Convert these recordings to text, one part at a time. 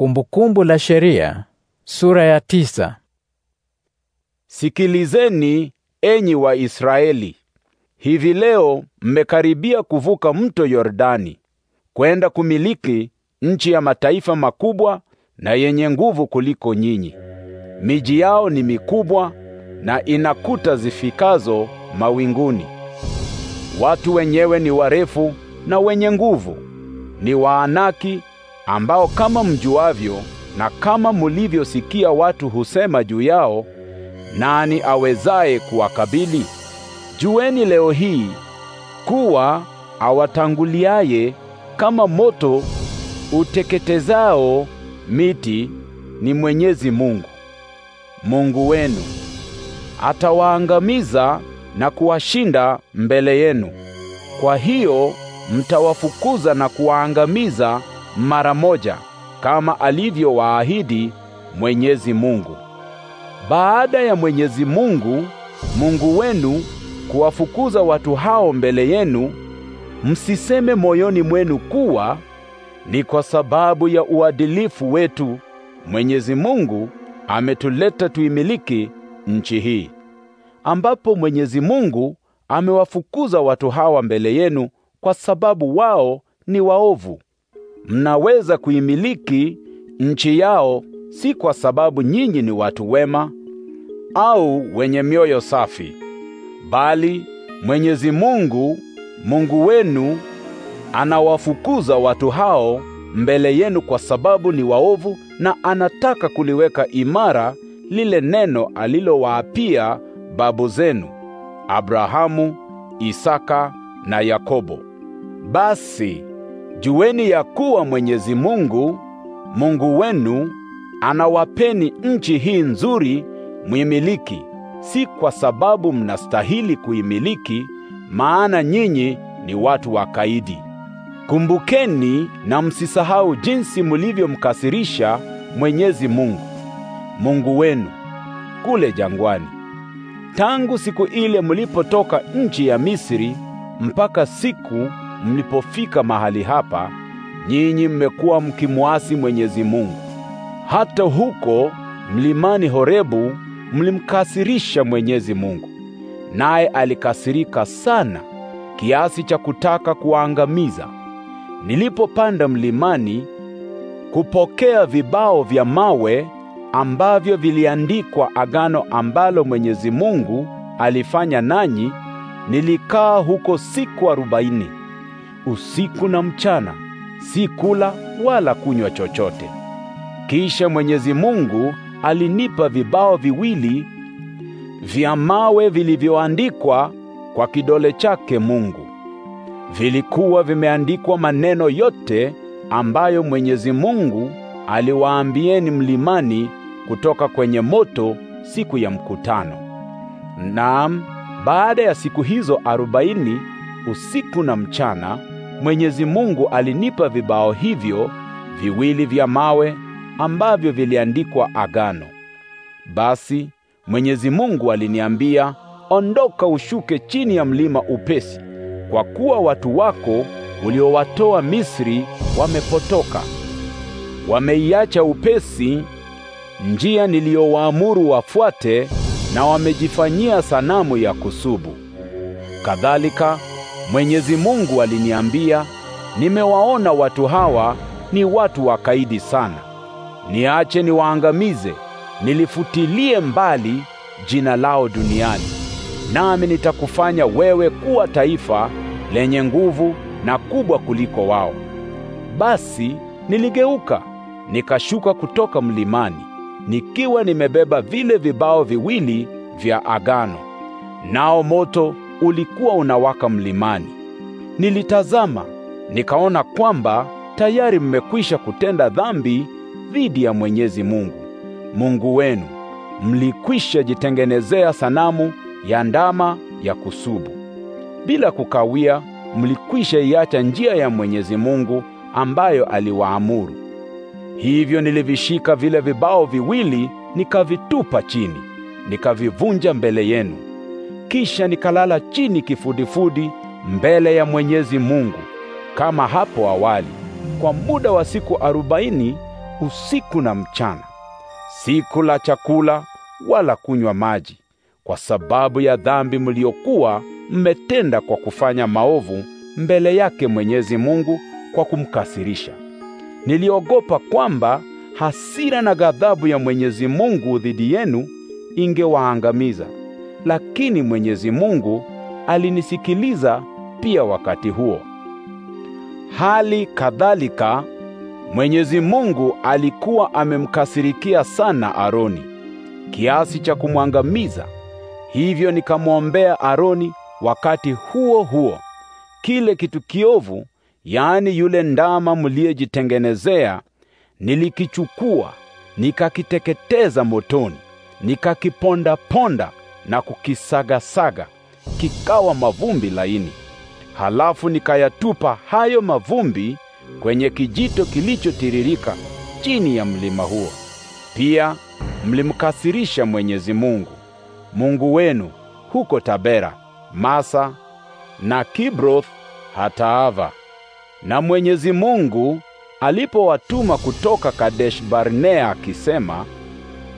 Kumbukumbu la Sheria sura ya tisa. Sikilizeni enyi wa Israeli, hivi leo mmekaribia kuvuka mto Yordani kwenda kumiliki nchi ya mataifa makubwa na yenye nguvu kuliko nyinyi. Miji yao ni mikubwa na ina kuta zifikazo mawinguni. Watu wenyewe ni warefu na wenye nguvu, ni Waanaki ambao kama mjuavyo na kama mulivyosikia watu husema juu yao, nani awezaye kuwakabili? Jueni leo hii kuwa awatanguliaye kama moto uteketezao miti ni Mwenyezi Mungu, Mungu wenu. Atawaangamiza na kuwashinda mbele yenu. Kwa hiyo mtawafukuza na kuwaangamiza mara moja kama alivyowaahidi Mwenyezi Mungu. Baada ya Mwenyezi Mungu Mungu wenu kuwafukuza watu hao mbele yenu, msiseme moyoni mwenu kuwa ni kwa sababu ya uadilifu wetu Mwenyezi Mungu ametuleta tuimiliki nchi hii, ambapo Mwenyezi Mungu amewafukuza watu hawa mbele yenu kwa sababu wao ni waovu mnaweza kuimiliki nchi yao, si kwa sababu nyinyi ni watu wema au wenye mioyo safi, bali Mwenyezi Mungu Mungu wenu anawafukuza watu hao mbele yenu kwa sababu ni waovu, na anataka kuliweka imara lile neno alilowaapia babu zenu Abrahamu, Isaka na Yakobo. Basi Jueni ya kuwa Mwenyezi Mungu Mungu wenu anawapeni nchi hii nzuri muimiliki, si kwa sababu mnastahili kuimiliki, maana nyinyi ni watu wakaidi. Kumbukeni na msisahau jinsi mulivyomkasirisha Mwenyezi Mungu Mungu wenu kule jangwani, tangu siku ile mulipotoka nchi ya Misri mpaka siku mlipofika mahali hapa, nyinyi mmekuwa mkimwasi Mwenyezi Mungu. Hata huko mlimani Horebu mlimkasirisha Mwenyezi Mungu, naye alikasirika sana kiasi cha kutaka kuwaangamiza. Nilipopanda mlimani kupokea vibao vya mawe ambavyo viliandikwa agano ambalo Mwenyezi Mungu alifanya nanyi, nilikaa huko siku arobaini usiku na mchana, si kula wala kunywa chochote. Kisha Mwenyezi Mungu alinipa vibao viwili vya mawe vilivyoandikwa kwa kidole chake Mungu. Vilikuwa vimeandikwa maneno yote ambayo Mwenyezi Mungu aliwaambieni mlimani kutoka kwenye moto siku ya mkutano. Naam, baada ya siku hizo arobaini usiku na mchana Mwenyezi Mungu alinipa vibao hivyo viwili vya mawe ambavyo viliandikwa agano. Basi Mwenyezi Mungu aliniambia, ondoka ushuke chini ya mlima upesi, kwa kuwa watu wako uliowatoa Misri wamepotoka. Wameiacha upesi njia niliyowaamuru wafuate na wamejifanyia sanamu ya kusubu. Kadhalika Mwenyezi Mungu aliniambia, nimewaona watu hawa ni watu wakaidi sana, niache niwaangamize, nilifutilie mbali jina lao duniani. Nami nitakufanya wewe kuwa taifa lenye nguvu na kubwa kuliko wao. Basi niligeuka nikashuka kutoka mlimani nikiwa nimebeba vile vibao viwili vya agano, nao moto ulikuwa unawaka mlimani. Nilitazama nikaona kwamba tayari mmekwisha kutenda dhambi dhidi ya Mwenyezi Mungu Mungu wenu. Mlikwisha jitengenezea sanamu ya ndama ya kusubu. Bila kukawia, mlikwisha iacha njia ya Mwenyezi Mungu ambayo aliwaamuru. Hivyo nilivishika vile vibao viwili nikavitupa chini, nikavivunja mbele yenu. Kisha nikalala chini kifudifudi mbele ya Mwenyezi Mungu kama hapo awali, kwa muda wa siku arobaini usiku na mchana. Sikula chakula wala kunywa maji, kwa sababu ya dhambi mliokuwa mmetenda kwa kufanya maovu mbele yake Mwenyezi Mungu kwa kumkasirisha. Niliogopa kwamba hasira na ghadhabu ya Mwenyezi Mungu dhidi yenu ingewaangamiza lakini Mwenyezi Mungu alinisikiliza pia wakati huo. Hali kadhalika Mwenyezi Mungu alikuwa amemkasirikia sana Aroni kiasi cha kumwangamiza. Hivyo nikamwombea Aroni wakati huo huo kile kitu kiovu, yaani yule ndama mliyejitengenezea, nilikichukua nikakiteketeza motoni, nikakiponda ponda na kukisagasaga kikawa mavumbi laini. Halafu nikayatupa hayo mavumbi kwenye kijito kilichotiririka chini ya mlima huo. Pia mlimkasirisha Mwenyezi Mungu, Mungu wenu huko Tabera, Masa na Kibroth Hataava. Na Mwenyezi Mungu alipowatuma kutoka Kadesh Barnea akisema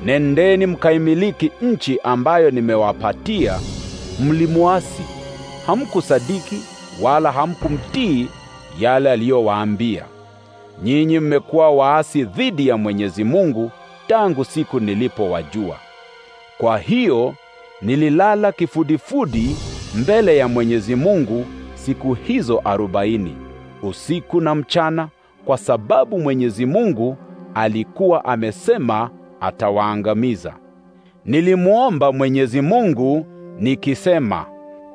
Nendeni mkaimiliki nchi ambayo nimewapatia. Mlimwasi, hamkusadiki wala hamkumtii yale aliyowaambia. Nyinyi mmekuwa waasi dhidi ya Mwenyezi Mungu tangu siku nilipowajua. Kwa hiyo nililala kifudifudi mbele ya Mwenyezi Mungu siku hizo arobaini usiku na mchana, kwa sababu Mwenyezi Mungu alikuwa amesema atawaangamiza. Nilimwomba Mwenyezi Mungu nikisema,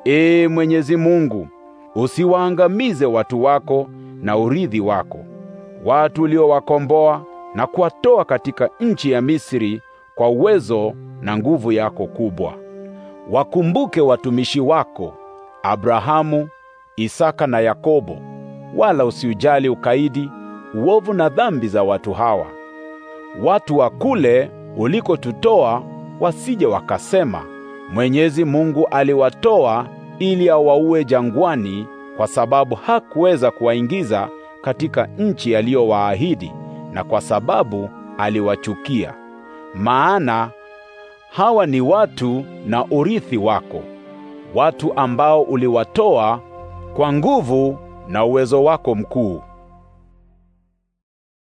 Ee Mwenyezi Mungu, usiwaangamize watu wako na urithi wako, watu uliowakomboa na kuwatoa katika nchi ya Misri kwa uwezo na nguvu yako kubwa. Wakumbuke watumishi wako Abrahamu, Isaka na Yakobo, wala usiujali ukaidi, uovu na dhambi za watu hawa watu wa kule ulikotutoa wasije wakasema, Mwenyezi Mungu aliwatoa ili awaue jangwani, kwa sababu hakuweza kuwaingiza katika nchi aliyowaahidi, na kwa sababu aliwachukia. Maana hawa ni watu na urithi wako, watu ambao uliwatoa kwa nguvu na uwezo wako mkuu.